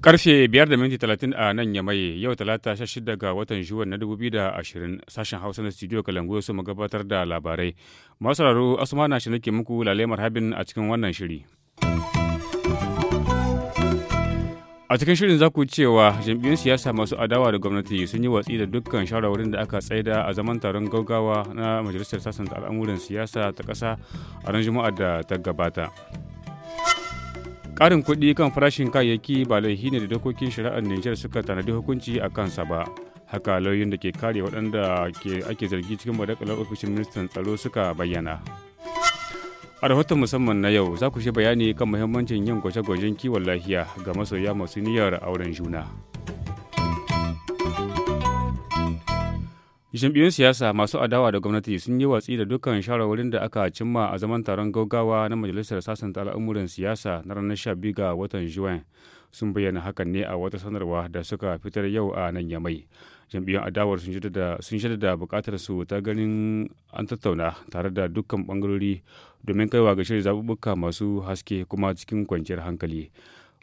Karfe 5 da minti talatin a nan ya mai yau talata 16 ga watan Juwan na 2020 sashen Hausa na studio Kalangu su so mu gabatar da labarai. Masu asuma na shi nake muku lalemar habin a cikin wannan shiri. a cikin shirin za ku cewa jam'iyyun siyasa masu adawa da gwamnati sun yi watsi da dukkan shawarwarin da aka tsaida a zaman taron gaugawa na majalisar sassanta al'amuran siyasa ta ƙasa a ran juma'a da ta gabata ƙarin kuɗi kan farashin kayayyaki ba laifi ne da dokokin shari'ar nijar suka tanadi hukunci a kansa ba haka lauyoyin da ke kare waɗanda ake zargi cikin madakalar ofishin ministan tsaro suka bayyana A rahoton musamman na yau za ku shi bayani kan muhimmancin yin gwaje-gwajen kiwon lafiya ga masoya masu niyyar auren juna. Jam'iyyun siyasa masu adawa da gwamnati sun yi watsi da dukkan shawarwarin da aka cimma a zaman taron gaugawa na Majalisar Sasanta Al'amuran Siyasa na ranar 12 ga watan Juwan. Sun bayyana hakan ne a wata sanarwa da suka fitar yau a nan Yamai. jam'iyyar adawar sun shaida da bukatar su ta ganin an tattauna tare da dukkan bangarori domin kaiwa ga shirin zaɓuɓɓuka masu haske kuma cikin kwanciyar hankali.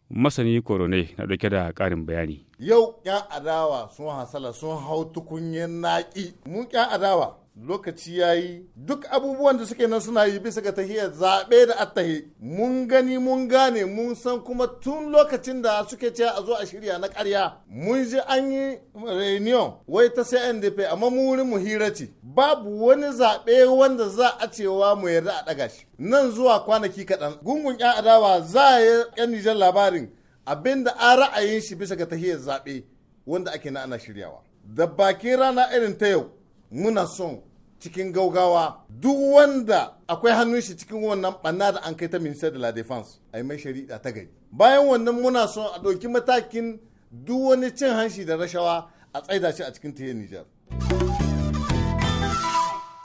Masani Korone na ɗauke da ƙarin bayani. Yau 'yan adawa sun hasala sun hau tukunyen naƙi. Mun 'yan adawa lokaci ya yi duk abubuwan da suke nan suna yi bisa ga tahiyar zaɓe da attahi mun gani mun gane mun san kuma tun lokacin da suke cewa a zo a shirya na ƙarya mun ji an yi reunion wai ta sai ndp amma mu wurin mu hira ce babu wani zaɓe wanda za a cewa mu yarda a ɗaga shi nan zuwa kwanaki kaɗan gungun 'ya' adawa za a yi ƴan nijar labarin abinda a ra'ayin shi bisa ga tahiyar zaɓe wanda ake na ana shiryawa da bakin rana irin ta yau muna son cikin gaugawa duk wanda akwai hannun shi cikin wannan banna da an kai ta minister de la defense a yi mai shari'a ta gari bayan wannan muna so a ɗauki matakin duk wani cin hanshi da rashawa a tsaida shi a cikin tiyar nijar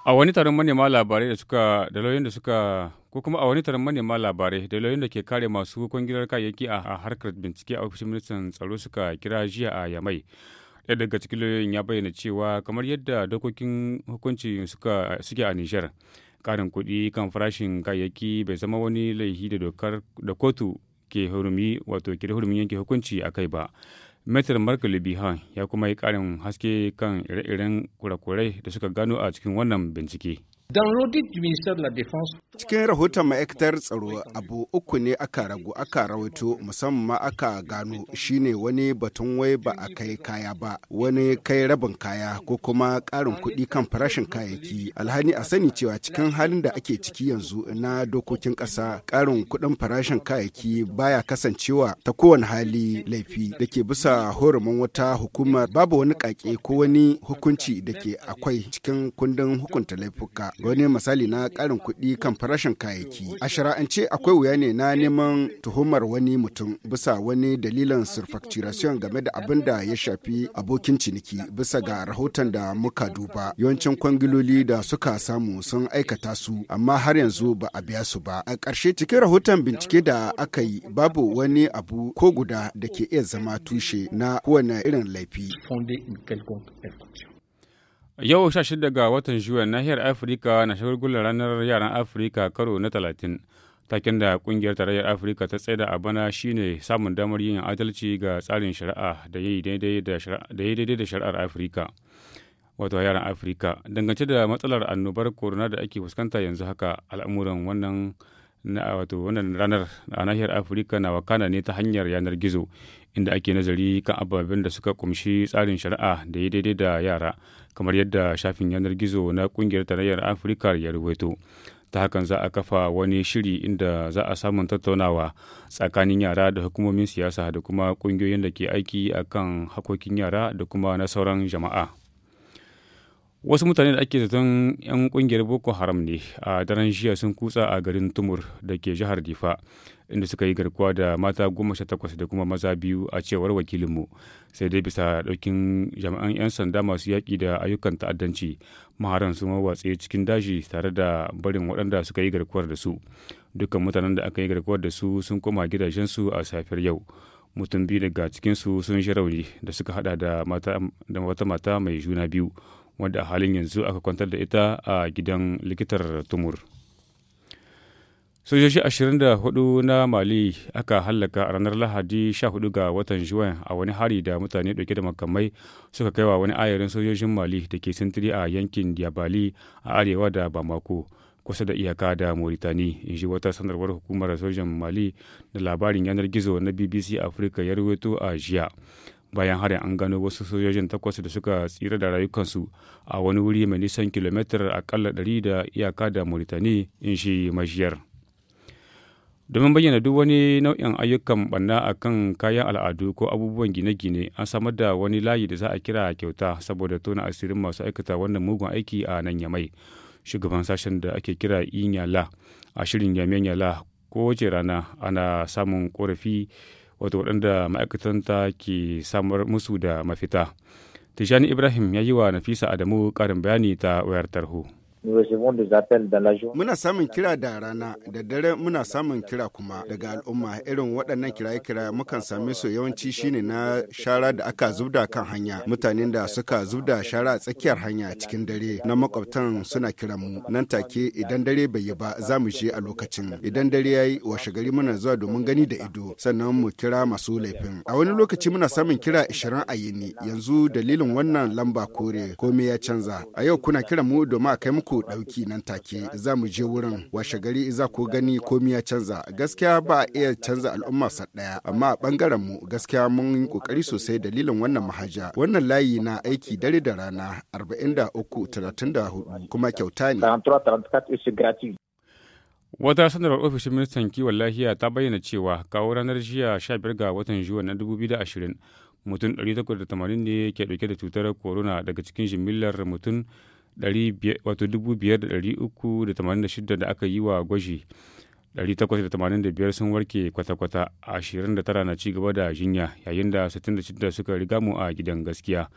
a wani taron manema labarai da suka da lauyoyin da suka ko kuma a wani taron manema labarai da lauyoyin da ke kare masu kwangilar kayayyaki a harkar bincike a ofishin ministan tsaro suka kira jiya a yamai ɗaya daga cikin lauyoyin ya bayyana cewa kamar yadda dokokin hukunci suke a nijar ƙarin kuɗi kan farashin kayayyaki bai zama wani laifi da dokar da kotu ke hurumi wato ke hurumin yanke hukunci a kai ba Metar Mark Libihan ya kuma yi ƙarin haske kan ire-iren kurakurai da suka gano a cikin wannan bincike. la Cikin rahoton ma'aikatar tsaro abu uku ne aka ragu aka rawaito musamman aka gano shine wani batun wai ba a kai kaya ba wani kai rabin kaya ko kuma ƙarin kuɗi kan farashin kayayyaki alhani a sani cewa cikin halin da ake ciki yanzu na dokokin ƙasa karin kuɗin farashin kayayyaki baya kasancewa ta kowane hali laifi da ke bisa horumin wata hukumar babu wani ƙaƙe ko wani hukunci da ke akwai cikin kundin hukunta laifuka wani misali na karin kuɗi kan farashin kayayyaki a shara'ance akwai wuya ne na neman tuhumar wani mutum bisa wani dalilan surfacturation game da abin da ya shafi abokin ciniki bisa ga rahoton da muka duba yawancin kwangiloli da suka samu sun aikata su amma har yanzu ba a biya su ba a ƙarshe cikin rahoton bincike da aka yi babu wani abu ko guda da ke iya zama tushe na kowane irin laifi. Yau 16 ga watan Juwan nahiyar Afirka na shagulgular ranar yaran Afirka karo na talatin, Taken da kungiyar tarayyar Afirka ta tsaida a bana shine samun damar yin adalci ga tsarin shari'a da yi daidai da shari'ar Afirka. Wato yaran Afirka dangance da matsalar annobar corona da ake fuskanta yanzu haka al'amuran wannan na wato wannan ranar a nahiyar afirka na wakana ne ta hanyar yanar gizo inda ake nazari kan ababen da suka kumshi tsarin shari'a da ya daidai da yara kamar yadda shafin yanar gizo na kungiyar tarayyar afirka ya rubaito ta hakan za a kafa wani shiri inda za a samun tattaunawa tsakanin yara da hukumomin siyasa da kuma kungiyoyin da ke aiki akan hakokin yara da kuma na sauran jama'a wasu mutane da ake zaton 'yan kungiyar boko haram ne a daren jiya sun kutsa a garin tumur da ke jihar difa inda suka yi garkuwa da mata goma sha takwas da kuma maza biyu a cewar wakilinmu sai dai bisa daukin jami'an 'yan sanda masu yaƙi da ayyukan ta'addanci maharan sun watse cikin daji tare da barin waɗanda suka yi garkuwar da su dukkan mutanen da aka yi garkuwar da su sun koma gidajensu a safiyar yau mutum biyu daga cikinsu sun shi rauni da suka hada da wata mata mai juna biyu wadda a halin yanzu aka kwantar da ita a gidan likitar tumur sojoji 24 na mali aka hallaka a ranar lahadi 14 ga watan juwan a wani hari da mutane dauke da makamai suka kai wa wani ayarin sojojin mali da ke sintiri a yankin diabali a arewa da bamako kusa da iyaka da mauritani in ji wata sanarwar hukumar sojan mali da labarin yanar gizo na bbc africa ya ruwaito a jiya bayan harin an gano wasu sojojin takwas da suka tsira da rayukansu a wani wuri mai nisan kilomitar akalla 100 da iyaka da mauritani in shi majiyar domin bayyana duk wani nau'in ayyukan banna a kan kayan al'adu ko abubuwan gine-gine an samar da wani layi da za a kira kyauta saboda tona asirin masu aikata wannan mugun aiki a nan yamai shugaban sashen da ake kira inyala a shirin yamen yala wace rana ana samun korafi wato waɗanda ma'aikatanta ke samar musu da mafita. Tijani Ibrahim ya yi wa Nafisa Adamu ƙarin bayani ta wayar tarho. Muna samun kira da rana, da dare muna samun kira kuma daga al'umma irin waɗannan kiraye-kiraye mukan same su yawanci shine na shara da aka zubda kan hanya. Mutanen da suka zubda shara a tsakiyar hanya cikin dare na makwabtan suna kiran mu. Nan take idan dare bai yi ba za mu je a lokacin. Idan dare ya yi washe gari muna zuwa domin gani da ido sannan mu kira masu laifin. A wani lokaci muna samun kira ishirin a yini yanzu dalilin wannan lamba kore komai ya canza. A yau kuna kiran mu domin a kai muku ko ɗauki nan take za mu je wurin washe gari za ku gani komi ya canza gaskiya ba a iya canza al'umma sa ɗaya amma a ɓangaren mu gaskiya mun yi ƙoƙari sosai dalilin wannan mahaja wannan layi na aiki dare da rana hudu kuma kyauta ne. Wata sanarwar ofishin ministan kiwon lahiya ta bayyana cewa kawo ranar jiya 15 ga watan juwan na 2020 mutum 880 ne ke dauke da cutar corona daga cikin jimillar mutum 5,386 da aka yi wa gwaji 885 sun warke kwata-kwata 29 na cigaba da jinya yayin da 66 suka riga mu a gidan gaskiya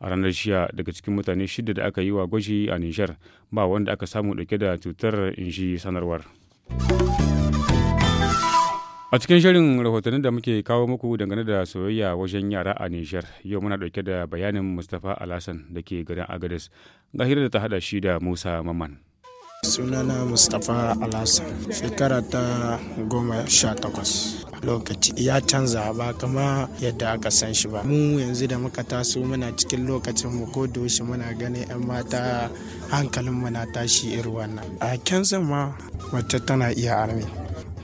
a ranar shiya daga cikin mutane shida da aka yi wa gwaji a nishar ba wanda aka samu dauke da cutar inji sanarwar. A cikin shirin rahotanni da muke kawo muku dangane da soyayya wajen yara a Nijar, yau muna dauke da bayanin Mustapha alasan da ke garin Agadez, ga da ta hada shi da Musa Maman. sunana mustapha alasan shekara ta goma sha takwas lokaci ya canza ba kama yadda aka san shi ba mu yanzu da muka taso muna cikin lokacin mu ko doshi muna ganin 'yan mata hankalin muna tashi irin wannan a kyan ma wacce tana iya armi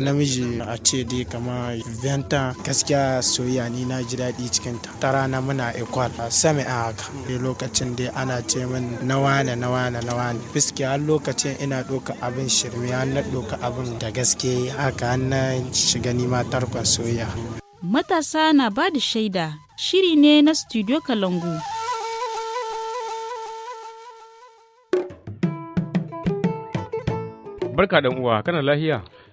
namiji a ce dai kama venta gaskiya soyayya ni na ji daɗi cikin ta tara rana muna equal sami a haka lokacin dai ana ce min na wane na wane na wane fiske har lokacin ina ɗauka abin shirme har na ɗauka abin da gaske haka na shiga nima tarkon soyayya matasa na ba da shaida shiri ne na studio kalangu barka da uwa kana lahiya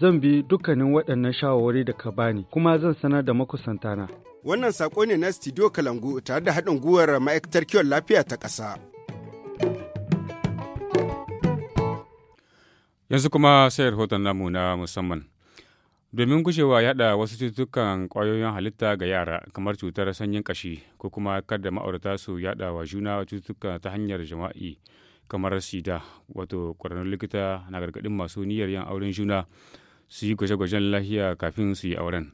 zan bi dukkanin waɗannan shawarwari da ka bani kuma zan sanar da makusantana. Wannan saƙo ne na Studio Kalangu tare da haɗin gwiwar ma'aikatar kiwon lafiya ta ƙasa. Yanzu kuma sai rahoton namu na musamman. Domin gujewa yaɗa wasu cututtukan ƙwayoyin halitta ga yara kamar cutar sanyin kashi ko kuma kada ma'aurata su yaɗa wa juna cututtuka ta hanyar jima'i. kamar sida wato ƙwararrun likita na gargaɗin masu niyyar yin auren juna su yi gwaje-gwajen lahiya kafin su yi auren.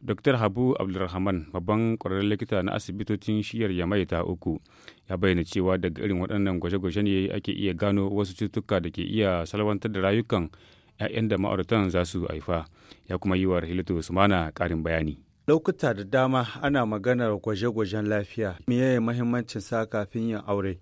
Dr. Habu Abdulrahman babban ƙwararren likita na asibitocin shiyar Yamai ta uku ya bayyana cewa daga irin waɗannan gwaje gwajen ne ake iya gano wasu cututtuka da ke iya salwantar da rayukan 'ya'yan da ma'auratan za su haifa ya kuma yi wa Rahilatu Sumana ƙarin bayani. Lokuta da dama ana maganar gwaje-gwajen lafiya. Meye mahimmancin sa kafin yin aure?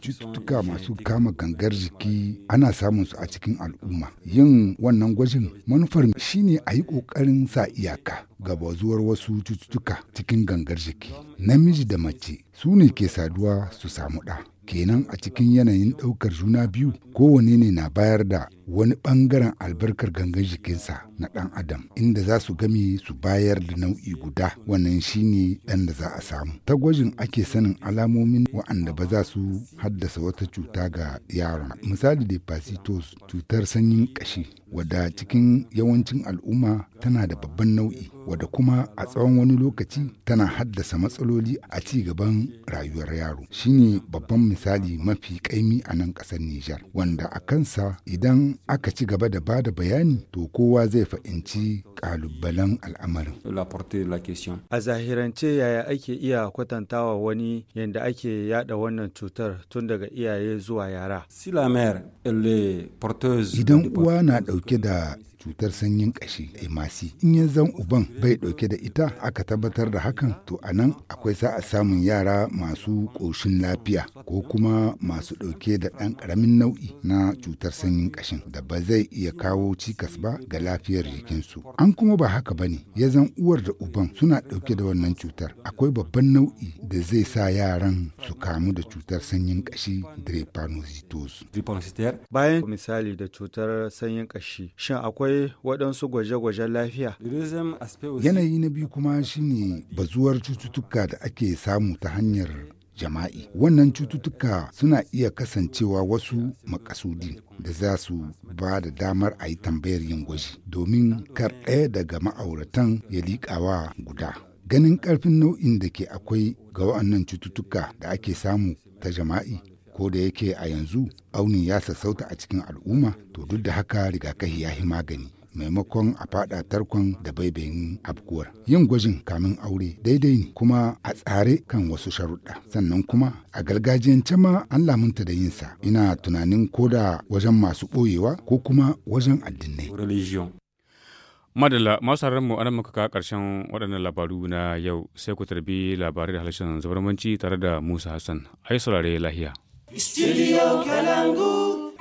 Cututtuka masu kama gangar jiki ana samun su a cikin al'umma. Yin wannan gwajin manufar shine a yi ƙoƙarin sa iyaka ga bazuwar wasu cututtuka cikin gangar jiki. Namiji da mace su ne ke saduwa su samu ɗa. kenan a cikin yanayin ɗaukar juna biyu kowane ne na bayar da wani ɓangaren albarkar gangan jikinsa na ɗan adam inda za su gami su bayar da nau'i guda wannan shine ɗan da za a samu ta gwajin ake sanin alamomin wa'anda ba za su haddasa wata cuta ga yaron misali da pasitos cutar sanyin ƙashi wadda cikin yawancin al'umma tana da babban nau'i wadda kuma a tsawon wani lokaci tana haddasa matsaloli a ci gaban rayuwar yaro shine babban misali mafi ƙaimi a nan ƙasar Nijar wanda a kansa idan aka ci gaba da bada bayani to kowa zai fahimci kalubalen al'amarin. A zahirance yaya ake iya kwatantawa wani yadda ake yada wannan cutar tun daga iyaye zuwa yara. Idan uwa na dauke da cutar sanyin kashi emasi in ya zan uban bai dauke da ita aka tabbatar da hakan to a nan akwai a samun yara masu koshin lafiya ko kuma masu dauke da ɗan ƙaramin nau'i na cutar sanyin kashin da ba zai iya kawo cikas ba ga lafiyar jikinsu an kuma ba haka ba ne ya zan uwar da uban suna dauke da wannan cutar akwai babban nau'i da zai sa yaran su kamu da cutar sanyin kashi drepanocytosis bayan misali da cutar sanyin kashi shin akwai akwai waɗansu gwaje-gwajen lafiya. Yanayi na biyu kuma shine bazuwar cututtuka da ake samu ta hanyar jama'i. Wannan cututtuka suna iya kasancewa wasu makasudi da za su ba da damar a yi tambayar yin gwaji domin kar ɗaya daga ma'auratan ya liƙawa guda. Ganin ƙarfin nau'in da ke akwai ga wa'annan cututtuka da ake samu ta jama'i ko da yake a yanzu aunin ya sassauta a cikin al'umma to duk da haka rigakafi ya yi magani maimakon a fada tarkon da baibayin abubuwar. yin gwajin kamin aure daidai ne kuma a tsare kan wasu sharuɗa sannan kuma a gargajiyance ma an lamunta da yinsa ina tunanin koda wajen masu ɓoyewa ko kuma wajen addinai madalla masu harin mu anan muka karshen waɗannan labaru na yau sai ku tarbi labarai da halashin zabarmanci tare da musa hassan ai saurare lahiya Studio Kalangu.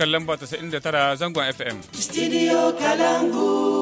kan lamba 99 zangon FM. Studio Kalangu.